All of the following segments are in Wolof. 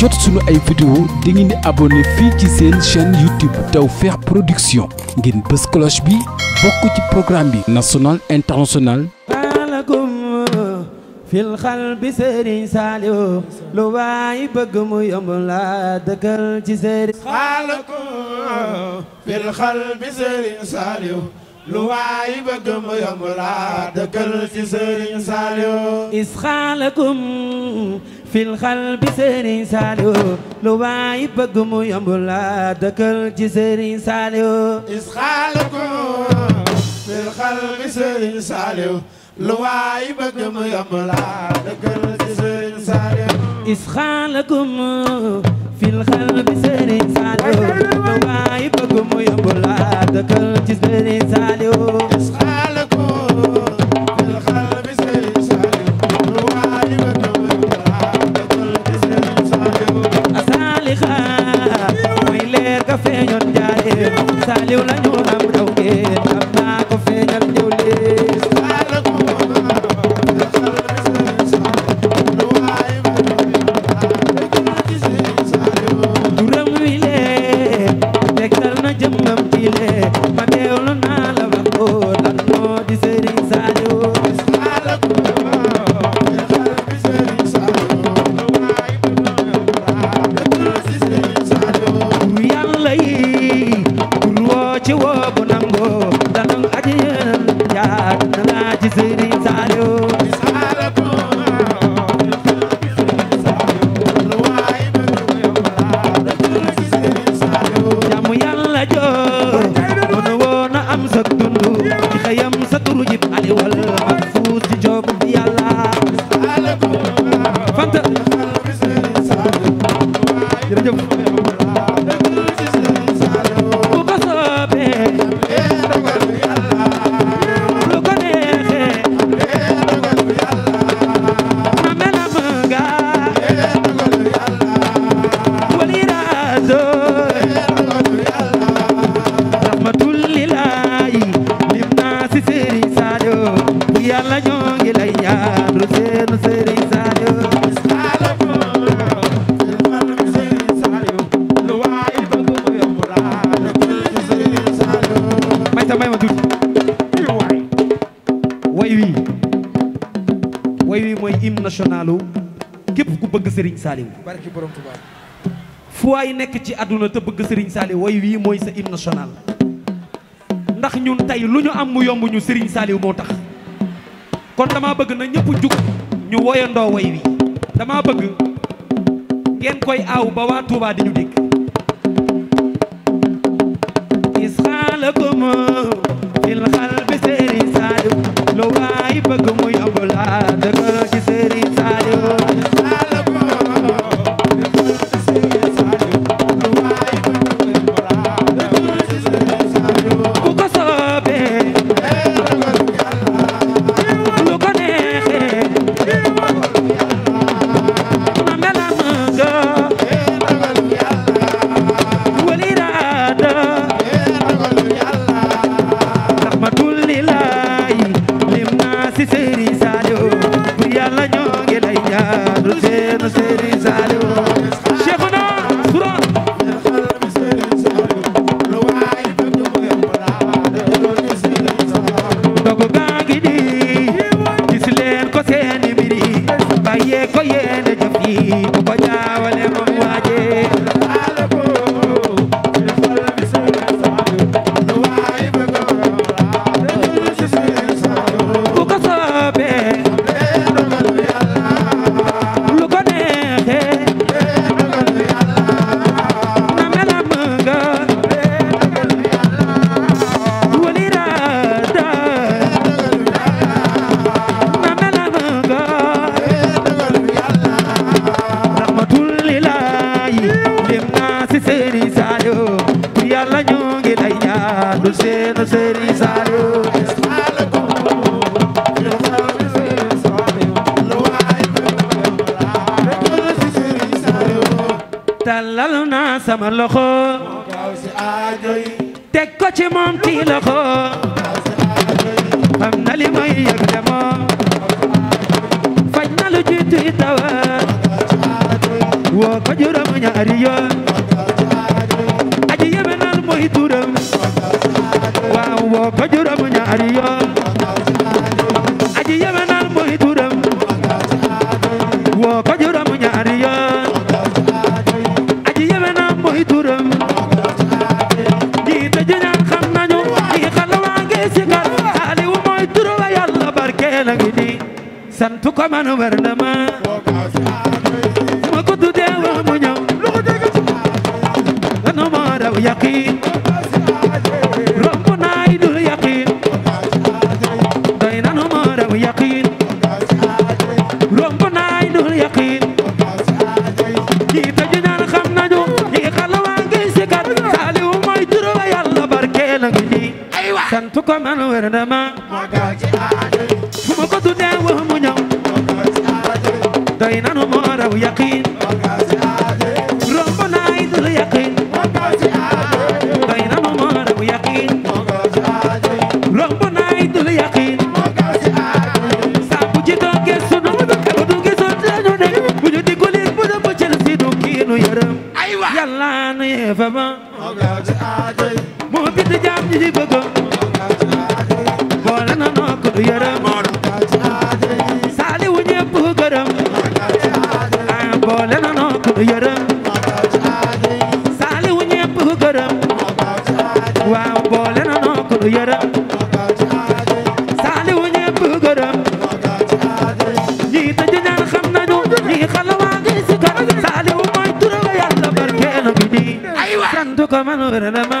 jot suñu ay vidéo da ngeen di abonné fii ci seen chaîne YouTube Tawfekh Production ngeen bës cloche bi bokk ci programme bi national international lu waay bëgg mu yomb laa dëkkal ci Serigne malakum lu waay bëgg mu yomb laa dëkkal ci Serigne Saliou fil xal bi Serigne Saliou lu waay bëgg mu yomb la dëkkal ci Serigne Saliou isxaalaku fil xal bi Serigne Saliou lu waay bëgg mu yomb la dëkkal ci Serigne Saliou isxaalakum fil xal bi Serigne Saliou lu waay bëgg mu yomb la dëkkal ci Serigne Saliou ñëw la ñu am raw ngeen am naa ko feeñal ñëw leen juróom wi lee tegtal na jëmmam bi lee ma teewlu na jërëjëf way wi mooy hymne nationalu képp ku bëgg sëriñ Saliou barki fu waay nekk ci àdduna te bëgg sëriñ Saliou way wii mooy sa hymne national ndax ñun tey lu ñu am mu yomb ñu sëriñ Saliou moo tax kon dama bëgg na ñëpp jug ñu woyandoo way wi dama bëgg ngeen koy aaw ba waa Touba di ñu dégg sama loxo teg ko ci moom ci loxo am na li may yëg faj na lu jiitu tawa woo ko juróom ñaari yoon sant ko man war na ma ma ko tuddee wa mu ñëw lu ko dégg ci lanu moo raw waa ngi sikat saaliwu mooy juróom yàlla barkeel a ngi nii sant ko man war na ma ji bëggam boole na noo ko du yërëm saali wu ñëpp gërëm boole na noo ko du yërëm saali wu ñëpp gërëm waaw boole na noo ko du yërëm saali wu ñëpp gërëm ñii tëj ñaan xam nañu ñii xalawaa ngi si kar saali wu mooy turawa yàlla barkeelu bi di sant ko man wér na ma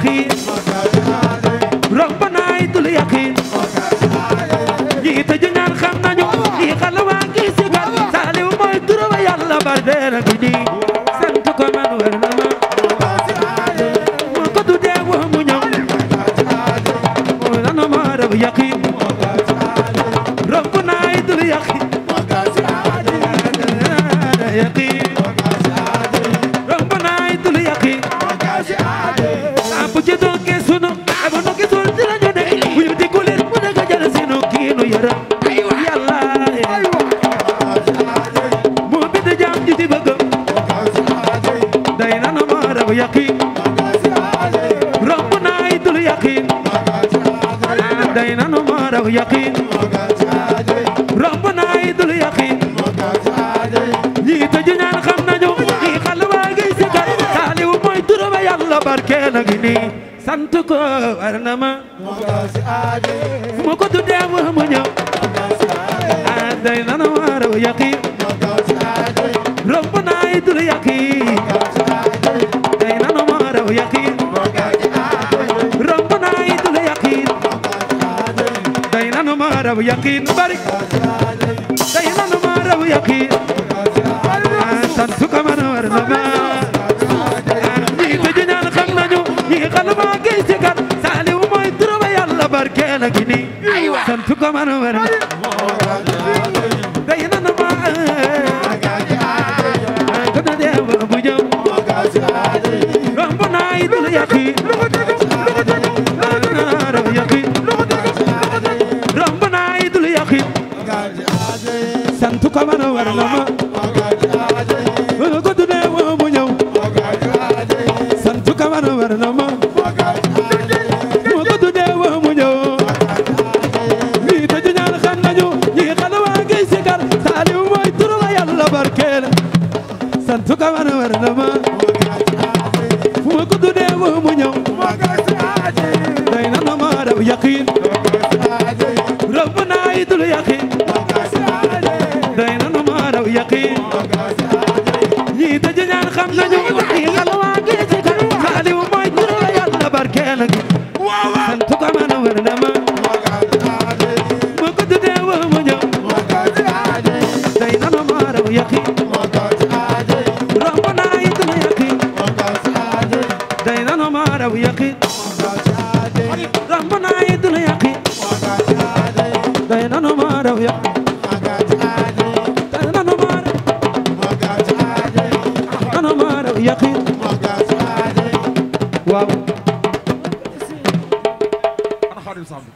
اليقين ربنا يدل يقين جيت جنان خمنا نيو خلوا كيسي قال سالي وما يدروا يلا بردير بدي yaqin romb na ay dul yaqin ñii tëju ñaan xam nañu ñii xal waa ngi si gar saaliw mooy turam yàlla a ngi na ma fu na na waar yaqin raw yaqiin bari tey nanu ma raw yaqiin santu ka man war na ma ñii tëju ñaan xam nañu ñii xaluma gay ci kat saaliw mooy turaba yàlla barkeel a gini santu ka man war na mu ñëw day na na ma raw yaqiin rabb naa itul yaqiin day na na ma raw yaqiin ñii tëj ñaan xam nañu